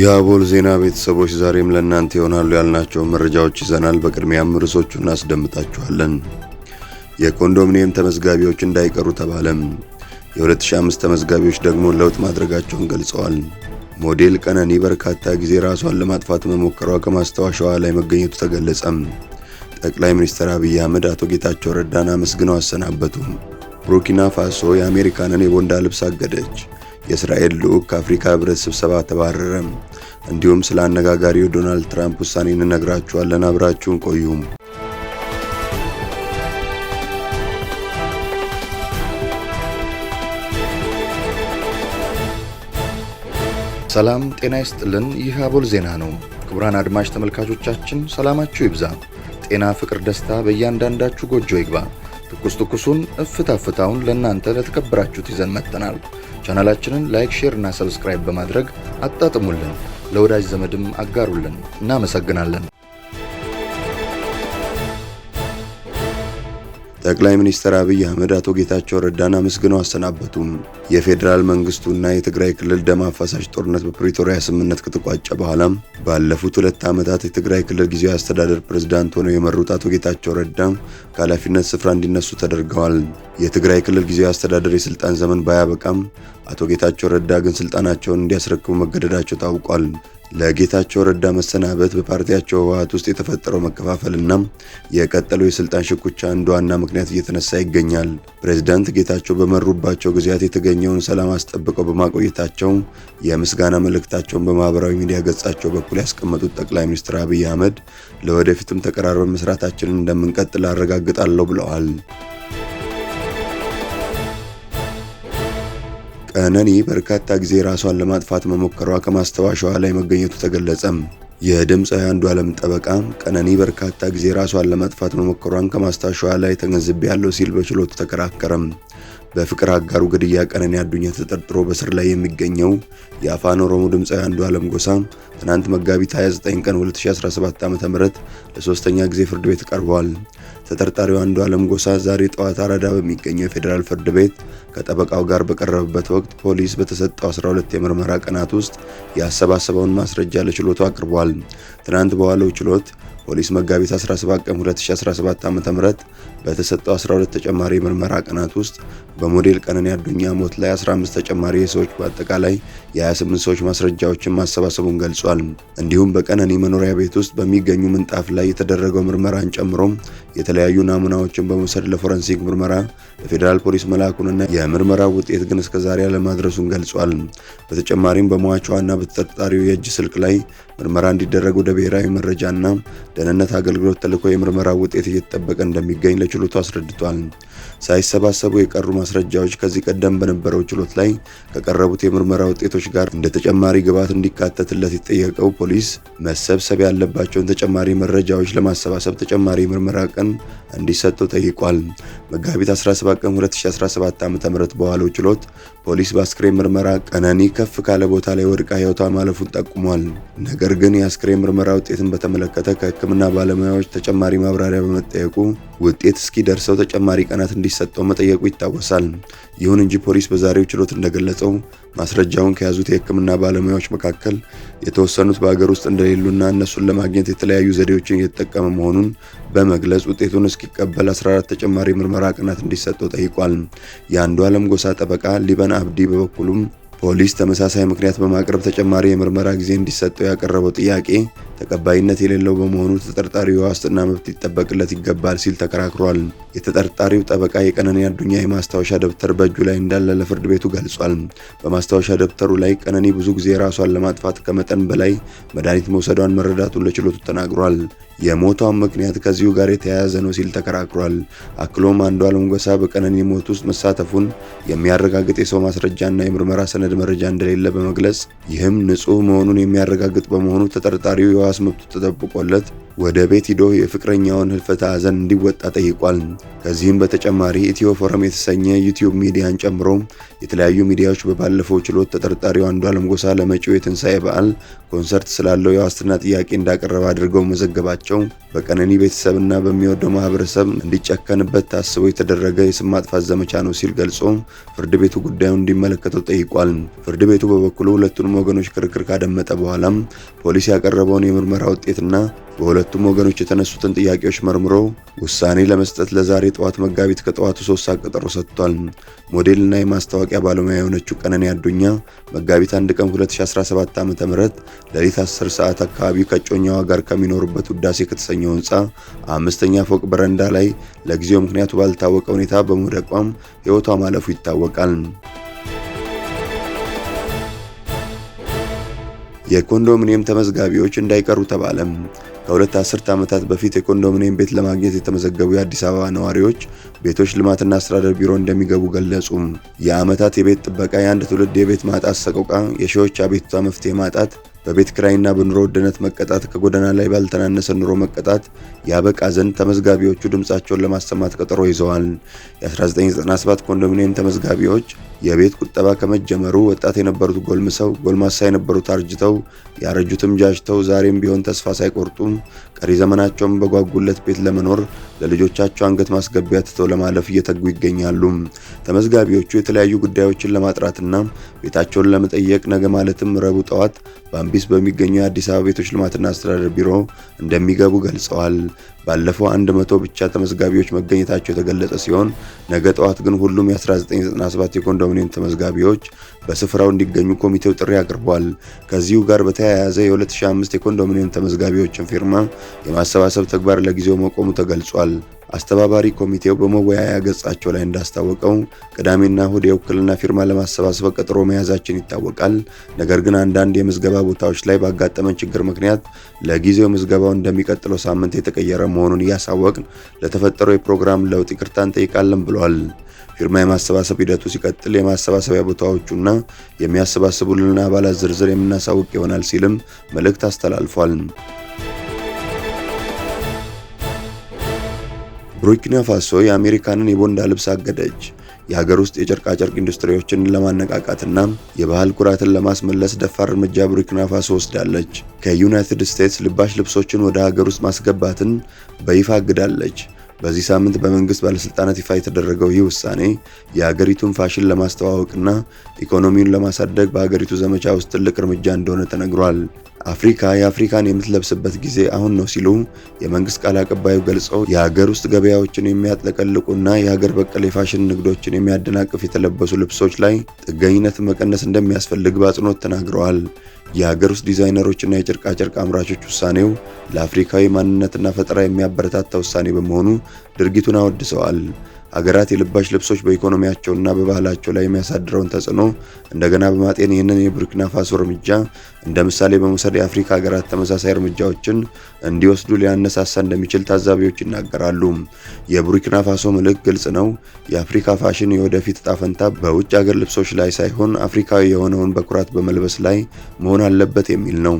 የአቦል ዜና ቤተሰቦች ዛሬም ለእናንተ ይሆናሉ ያልናቸው መረጃዎች ይዘናል። በቅድሚያም ርዕሶቹ እናስደምጣችኋለን። የኮንዶሚኒየም ተመዝጋቢዎች እንዳይቀሩ ተባለም። የ2005 ተመዝጋቢዎች ደግሞ ለውጥ ማድረጋቸውን ገልጸዋል። ሞዴል ቀነኒ በርካታ ጊዜ ራሷን ለማጥፋት መሞከሯ ከማስታወሻዋ ላይ መገኘቱ ተገለጸም። ጠቅላይ ሚኒስትር አብይ አህመድ አቶ ጌታቸው ረዳን አመስግነው አሰናበቱ። ቡርኪና ፋሶ የአሜሪካንን የቦንዳ ልብስ አገደች። የእስራኤል ልዑክ ከአፍሪካ ህብረት ስብሰባ ተባረረ። እንዲሁም ስለ አነጋጋሪው ዶናልድ ትራምፕ ውሳኔ እንነግራችኋለን። አብራችሁን ቆዩም። ሰላም ጤና ይስጥልን። ይህ አቦል ዜና ነው። ክቡራን አድማጭ ተመልካቾቻችን ሰላማችሁ ይብዛ፣ ጤና፣ ፍቅር፣ ደስታ በእያንዳንዳችሁ ጎጆ ይግባ። ትኩስ ትኩሱን እፍታ ፍታውን ለእናንተ ለተከበራችሁት ይዘን መጥተናል። ቻናላችንን ላይክ፣ ሼር እና ሰብስክራይብ በማድረግ አጣጥሙልን፣ ለወዳጅ ዘመድም አጋሩልን። እናመሰግናለን። ጠቅላይ ሚኒስትር አብይ አህመድ አቶ ጌታቸው ረዳን አመስግነው አሰናበቱም። የፌዴራል መንግስቱና የትግራይ ክልል ደም አፋሳሽ ጦርነት በፕሪቶሪያ ስምምነት ከተቋጨ በኋላም ባለፉት ሁለት ዓመታት የትግራይ ክልል ጊዜያዊ አስተዳደር ፕሬዝዳንት ሆነው የመሩት አቶ ጌታቸው ረዳም ከኃላፊነት ስፍራ እንዲነሱ ተደርገዋል። የትግራይ ክልል ጊዜያዊ አስተዳደር የስልጣን ዘመን ባያበቃም አቶ ጌታቸው ረዳ ግን ስልጣናቸውን እንዲያስረክቡ መገደዳቸው ታውቋል። ለጌታቸው ረዳ መሰናበት በፓርቲያቸው ህወሓት ውስጥ የተፈጠረው መከፋፈልና የቀጠለው የስልጣን ሽኩቻ እንደ ዋና ምክንያት እየተነሳ ይገኛል። ፕሬዝዳንት ጌታቸው በመሩባቸው ጊዜያት የተገኘውን ሰላም አስጠብቀው በማቆየታቸው የምስጋና መልእክታቸውን በማህበራዊ ሚዲያ ገጻቸው በኩል ያስቀመጡት ጠቅላይ ሚኒስትር አብይ አህመድ ለወደፊትም ተቀራርበን መስራታችንን እንደምንቀጥል አረጋግጣለሁ ብለዋል። ቀነኒ በርካታ ጊዜ ራሷን ለማጥፋት መሞከሯ ከማስታወሻዋ ላይ መገኘቱ ተገለጸ። የድምፃዊ ዓለም ጠበቃ ቀነኒ በርካታ ጊዜ ራሷን ለማጥፋት መሞከሯን ከማስታወሻዋ ላይ ያለው ሲል በችሎቱ ተከራከረም። በፍቅር አጋሩ ግድያ ቀነኒ አዱኛ ተጠርጥሮ በስር ላይ የሚገኘው የአፋን ኦሮሞ ድምፃዊ አንዱ ዓለም ጎሳ ትናንት መጋቢት 29 ቀን 2017 ዓ.ም ለሶስተኛ ጊዜ ፍርድ ቤት ቀርቧል። ተጠርጣሪው አንዱ ዓለም ጎሳ ዛሬ ጠዋት አራዳ በሚገኘው የፌዴራል ፍርድ ቤት ከጠበቃው ጋር በቀረበበት ወቅት ፖሊስ በተሰጠው 12 የምርመራ ቀናት ውስጥ ያሰባሰበውን ማስረጃ ለችሎቱ አቅርቧል። ትናንት በዋለው ችሎት ፖሊስ መጋቢት 17 ቀን 2017 ዓ.ም በተሰጠው 12 ተጨማሪ የምርመራ ቀናት ውስጥ በሞዴል ቀነኒ አዱኛ ሞት ላይ 15 ተጨማሪ ሰዎች በአጠቃላይ የ28 ሰዎች ማስረጃዎችን ማሰባሰቡን ገልጿል። እንዲሁም በቀነኒ መኖሪያ ቤት ውስጥ በሚገኙ ምንጣፍ ላይ የተደረገው ምርመራን ጨምሮ የተለያዩ ናሙናዎችን በመውሰድ ለፎረንሲክ ምርመራ ለፌዴራል ፖሊስ መላኩንና የምርመራ ውጤት ግን እስከዛሬ አለማድረሱን ገልጿል። በተጨማሪም በሟቿና በተጠርጣሪው የእጅ ስልክ ላይ ምርመራ እንዲደረግ ወደ ብሔራዊ መረጃና ደህንነት አገልግሎት ተልኮ የምርመራ ውጤት እየተጠበቀ እንደሚገኝ ለችሎቱ አስረድቷል። ሳይሰባሰቡ የቀሩ ማስረጃዎች ከዚህ ቀደም በነበረው ችሎት ላይ ከቀረቡት የምርመራ ውጤቶች ጋር እንደ ተጨማሪ ግብዓት እንዲካተትለት የጠየቀው ፖሊስ መሰብሰብ ያለባቸውን ተጨማሪ መረጃዎች ለማሰባሰብ ተጨማሪ ምርመራ ቀን እንዲሰጠው ጠይቋል። መጋቢት 17 ቀን 2017 ዓ.ም በዋለው ችሎት ፖሊስ በአስክሬን ምርመራ ቀነኒ ከፍ ካለ ቦታ ላይ ወድቃ ህይወቷ ማለፉን ጠቁሟል። ነገር ግን የአስክሬን ምርመራ ውጤትን በተመለከተ ከህክምና ባለሙያዎች ተጨማሪ ማብራሪያ በመጠየቁ ውጤት እስኪደርሰው ተጨማሪ ቀናት እንዲሰጠው መጠየቁ ይታወሳል። ይሁን እንጂ ፖሊስ በዛሬው ችሎት እንደገለጸው ማስረጃውን ከያዙት የህክምና ባለሙያዎች መካከል የተወሰኑት በአገር ውስጥ እንደሌሉና እነሱን ለማግኘት የተለያዩ ዘዴዎችን እየተጠቀመ መሆኑን በመግለጽ ውጤቱን እስኪቀበል 14 ተጨማሪ ምርመራ ቀናት እንዲሰጠው ጠይቋል። የአንዱ ዓለም ጎሳ ጠበቃ ሊበን ሱልጣን አብዲ በበኩሉም ፖሊስ ተመሳሳይ ምክንያት በማቅረብ ተጨማሪ የምርመራ ጊዜ እንዲሰጠው ያቀረበው ጥያቄ ተቀባይነት የሌለው በመሆኑ ተጠርጣሪው የዋስትና መብት ሊጠበቅለት ይገባል ሲል ተከራክሯል። የተጠርጣሪው ጠበቃ የቀነኒ አዱኛ የማስታወሻ ደብተር በእጁ ላይ እንዳለ ለፍርድ ቤቱ ገልጿል። በማስታወሻ ደብተሩ ላይ ቀነኒ ብዙ ጊዜ ራሷን ለማጥፋት ከመጠን በላይ መድኃኒት መውሰዷን መረዳቱን ለችሎቱ ተናግሯል። የሞቷን ምክንያት ከዚሁ ጋር የተያያዘ ነው ሲል ተከራክሯል። አክሎም አንዷ አለም ጎሳ በቀነኒ ሞት ውስጥ መሳተፉን የሚያረጋግጥ የሰው ማስረጃና የምርመራ ሰነድ መረጃ እንደሌለ በመግለጽ ይህም ንጹህ መሆኑን የሚያረጋግጥ በመሆኑ ተጠርጣሪው የዋስ መብቱ ተጠብቆለት ወደ ቤት ሂዶ የፍቅረኛውን ህልፈተ ሐዘን እንዲወጣ ጠይቋል። ከዚህም በተጨማሪ ኢትዮ ፎረም የተሰኘ ዩቲዩብ ሚዲያን ጨምሮ የተለያዩ ሚዲያዎች በባለፈው ችሎት ተጠርጣሪው አንዷለም ጎሳ ለመጪው የትንሣኤ በዓል ኮንሰርት ስላለው የዋስትና ጥያቄ እንዳቀረበ አድርገው መዘገባቸው በቀነኒ ቤተሰብና በሚወደው ማህበረሰብ እንዲጨከንበት ታስቦ የተደረገ የስም ማጥፋት ዘመቻ ነው ሲል ገልጾ ፍርድ ቤቱ ጉዳዩን እንዲመለከተው ጠይቋል። ፍርድ ቤቱ በበኩሉ ሁለቱንም ወገኖች ክርክር ካደመጠ በኋላም ፖሊስ ያቀረበውን የምርመራ ውጤትና በሁለቱም ወገኖች የተነሱትን ጥያቄዎች መርምሮ ውሳኔ ለመስጠት ለዛሬ ጠዋት መጋቢት ከጠዋቱ ሶስት ሰዓት ቀጠሮ ሰጥቷል። ሞዴልና የማስታወቂያ ባለሙያ የሆነችው ቀነኒ አዱኛ መጋቢት አንድ ቀን 2017 ዓ ም ሌሊት 10 ሰዓት አካባቢ ከጮኛዋ ጋር ከሚኖሩበት ውዳሴ ከተሰኘው ህንፃ አምስተኛ ፎቅ በረንዳ ላይ ለጊዜው ምክንያቱ ባልታወቀ ሁኔታ በመውደቋም ህይወቷ ማለፉ ይታወቃል። የኮንዶሚኒየም ተመዝጋቢዎች እንዳይቀሩ ተባለም። ከሁለት አስርት ዓመታት በፊት የኮንዶሚኒየም ቤት ለማግኘት የተመዘገቡ የአዲስ አበባ ነዋሪዎች ቤቶች ልማትና አስተዳደር ቢሮ እንደሚገቡ ገለጹም። የዓመታት የቤት ጥበቃ፣ የአንድ ትውልድ የቤት ማጣት ሰቆቃ፣ የሺዎች አቤቱታ መፍትሄ ማጣት በቤት ክራይና በኑሮ ውድነት መቀጣት ከጎዳና ላይ ባልተናነሰ ኑሮ መቀጣት ያበቃ ዘንድ ተመዝጋቢዎቹ ድምፃቸውን ለማሰማት ቀጠሮ ይዘዋል። የ1997 ኮንዶሚኒየም ተመዝጋቢዎች የቤት ቁጠባ ከመጀመሩ ወጣት የነበሩት ጎልምሰው፣ ጎልማሳ የነበሩት አርጅተው፣ ያረጁትም ጃጅተው ዛሬም ቢሆን ተስፋ ሳይቆርጡ ቀሪ ዘመናቸውን በጓጉለት ቤት ለመኖር ለልጆቻቸው አንገት ማስገቢያ ትተው ለማለፍ እየተጉ ይገኛሉ። ተመዝጋቢዎቹ የተለያዩ ጉዳዮችን ለማጥራትና ቤታቸውን ለመጠየቅ ነገ ማለትም ረቡዕ ጠዋት በአምቢስ በሚገኙ የአዲስ አበባ ቤቶች ልማትና አስተዳደር ቢሮ እንደሚገቡ ገልጸዋል። ባለፈው 100 ብቻ ተመዝጋቢዎች መገኘታቸው የተገለጸ ሲሆን ነገ ጠዋት ግን ሁሉም የ1997 የኮንዶ የኮሚኒየም ተመዝጋቢዎች በስፍራው እንዲገኙ ኮሚቴው ጥሪ አቅርቧል። ከዚሁ ጋር በተያያዘ የ2005 የኮንዶሚኒየም ተመዝጋቢዎችን ፊርማ የማሰባሰብ ተግባር ለጊዜው መቆሙ ተገልጿል። አስተባባሪ ኮሚቴው በመወያያ ገጻቸው ላይ እንዳስታወቀው ቅዳሜና እሁድ የውክልና ፊርማ ለማሰባሰብ ቀጠሮ መያዛችን ይታወቃል። ነገር ግን አንዳንድ የምዝገባ ቦታዎች ላይ ባጋጠመን ችግር ምክንያት ለጊዜው ምዝገባው እንደሚቀጥለው ሳምንት የተቀየረ መሆኑን እያሳወቅን ለተፈጠረው የፕሮግራም ለውጥ ይቅርታ እንጠይቃለን ብሏል። ፊርማ የማሰባሰብ ሂደቱ ሲቀጥል የማሰባሰቢያ ቦታዎቹና የሚያሰባስቡልን አባላት ዝርዝር የምናሳውቅ ይሆናል ሲልም መልእክት አስተላልፏል። ቡርኪና ፋሶ የአሜሪካንን የቦንዳ ልብስ አገደች። የሀገር ውስጥ የጨርቃጨርቅ ኢንዱስትሪዎችን ለማነቃቃትና የባህል ኩራትን ለማስመለስ ደፋር እርምጃ ቡርኪና ፋሶ ወስዳለች። ከዩናይትድ ስቴትስ ልባሽ ልብሶችን ወደ ሀገር ውስጥ ማስገባትን በይፋ አግዳለች። በዚህ ሳምንት በመንግስት ባለስልጣናት ይፋ የተደረገው ይህ ውሳኔ የሀገሪቱን ፋሽን ለማስተዋወቅና ኢኮኖሚውን ለማሳደግ በሀገሪቱ ዘመቻ ውስጥ ትልቅ እርምጃ እንደሆነ ተነግሯል። አፍሪካ የአፍሪካን የምትለብስበት ጊዜ አሁን ነው ሲሉ የመንግስት ቃል አቀባዩ ገልጸው የሀገር ውስጥ ገበያዎችን የሚያጥለቀልቁና የሀገር በቀል የፋሽን ንግዶችን የሚያደናቅፍ የተለበሱ ልብሶች ላይ ጥገኝነትን መቀነስ እንደሚያስፈልግ በአጽንኦት ተናግረዋል። የሀገር ውስጥ ዲዛይነሮችና የጨርቃጨርቅ አምራቾች ውሳኔው ለአፍሪካዊ ማንነትና ፈጠራ የሚያበረታታ ውሳኔ በመሆኑ ድርጊቱን አወድሰዋል። አገራት የልባሽ ልብሶች በኢኮኖሚያቸውና በባህላቸው ላይ የሚያሳድረውን ተጽዕኖ እንደገና በማጤን ይህንን የቡርኪና ፋሶ እርምጃ እንደ ምሳሌ በመውሰድ የአፍሪካ ሀገራት ተመሳሳይ እርምጃዎችን እንዲወስዱ ሊያነሳሳ እንደሚችል ታዛቢዎች ይናገራሉ። የቡርኪና ፋሶ ምልክ ግልጽ ነው። የአፍሪካ ፋሽን የወደፊት እጣ ፈንታ በውጭ ሀገር ልብሶች ላይ ሳይሆን አፍሪካዊ የሆነውን በኩራት በመልበስ ላይ መሆን አለበት የሚል ነው።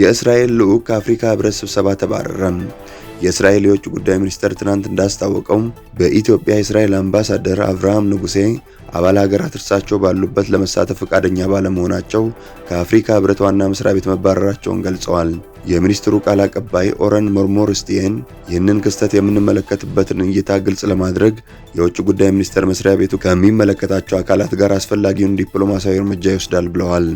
የእስራኤል ልዑክ ከአፍሪካ ህብረት ስብሰባ ተባረረ። የእስራኤል የውጭ ጉዳይ ሚኒስቴር ትናንት እንዳስታወቀው በኢትዮጵያ የእስራኤል አምባሳደር አብርሃም ንጉሴ አባል ሀገራት እርሳቸው ባሉበት ለመሳተፍ ፈቃደኛ ባለመሆናቸው ከአፍሪካ ህብረት ዋና መስሪያ ቤት መባረራቸውን ገልጸዋል። የሚኒስትሩ ቃል አቀባይ ኦረን ሞርሞርስቲየን ይህንን ክስተት የምንመለከትበትን እይታ ግልጽ ለማድረግ የውጭ ጉዳይ ሚኒስቴር መስሪያ ቤቱ ከሚመለከታቸው አካላት ጋር አስፈላጊውን ዲፕሎማሲያዊ እርምጃ ይወስዳል ብለዋል።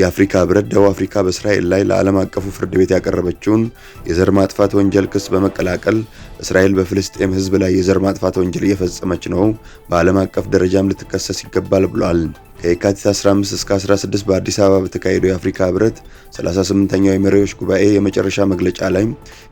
የአፍሪካ ህብረት ደቡብ አፍሪካ በእስራኤል ላይ ለዓለም አቀፉ ፍርድ ቤት ያቀረበችውን የዘር ማጥፋት ወንጀል ክስ በመቀላቀል እስራኤል በፍልስጤም ህዝብ ላይ የዘር ማጥፋት ወንጀል እየፈጸመች ነው፣ በዓለም አቀፍ ደረጃም ልትከሰስ ይገባል ብሏል። ከየካቲት 15 እስከ 16 በአዲስ አበባ በተካሄደው የአፍሪካ ህብረት 38ኛው የመሪዎች ጉባኤ የመጨረሻ መግለጫ ላይ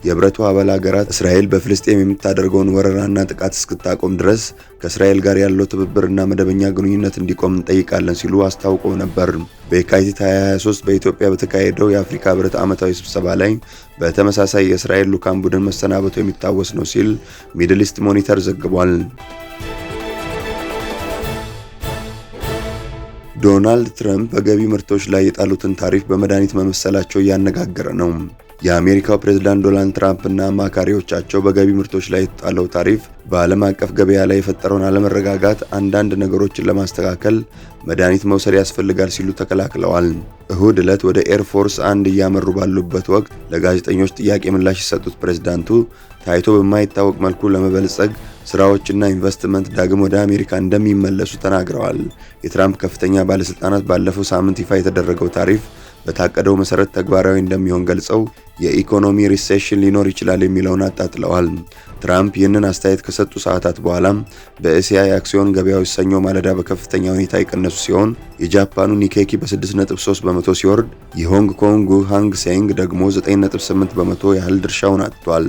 የህብረቱ አባል ሀገራት እስራኤል በፍልስጤም የምታደርገውን ወረራና ጥቃት እስክታቆም ድረስ ከእስራኤል ጋር ያለው ትብብርና መደበኛ ግንኙነት እንዲቆም እንጠይቃለን ሲሉ አስታውቀው ነበር። በየካቲት 2023 በኢትዮጵያ በተካሄደው የአፍሪካ ህብረት ዓመታዊ ስብሰባ ላይ በተመሳሳይ የእስራኤል ልዑካን ቡድን መሰናበቱ የሚታወስ ነው ሲል ሚድል ኢስት ሞኒተር ዘግቧል። ዶናልድ ትራምፕ በገቢ ምርቶች ላይ የጣሉትን ታሪፍ በመድኃኒት መመሰላቸው እያነጋገረ ነው። የአሜሪካው ፕሬዝዳንት ዶናልድ ትራምፕ እና አማካሪዎቻቸው በገቢ ምርቶች ላይ የተጣለው ታሪፍ በዓለም አቀፍ ገበያ ላይ የፈጠረውን አለመረጋጋት፣ አንዳንድ ነገሮችን ለማስተካከል መድኃኒት መውሰድ ያስፈልጋል ሲሉ ተከላክለዋል። እሁድ ዕለት ወደ ኤርፎርስ አንድ እያመሩ ባሉበት ወቅት ለጋዜጠኞች ጥያቄ ምላሽ የሰጡት ፕሬዝዳንቱ ታይቶ በማይታወቅ መልኩ ለመበልጸግ ስራዎችና ኢንቨስትመንት ዳግም ወደ አሜሪካ እንደሚመለሱ ተናግረዋል። የትራምፕ ከፍተኛ ባለስልጣናት ባለፈው ሳምንት ይፋ የተደረገው ታሪፍ በታቀደው መሰረት ተግባራዊ እንደሚሆን ገልጸው የኢኮኖሚ ሪሴሽን ሊኖር ይችላል የሚለውን አጣጥለዋል። ትራምፕ ይህንን አስተያየት ከሰጡ ሰዓታት በኋላም በእስያ የአክሲዮን ገበያዎች ሰኞ ማለዳ በከፍተኛ ሁኔታ የቀነሱ ሲሆን የጃፓኑ ኒኬኪ በ6.3 በመቶ ሲወርድ የሆንግ ኮንጉ ሃንግ ሴንግ ደግሞ 9.8 በመቶ ያህል ድርሻውን አጥቷል።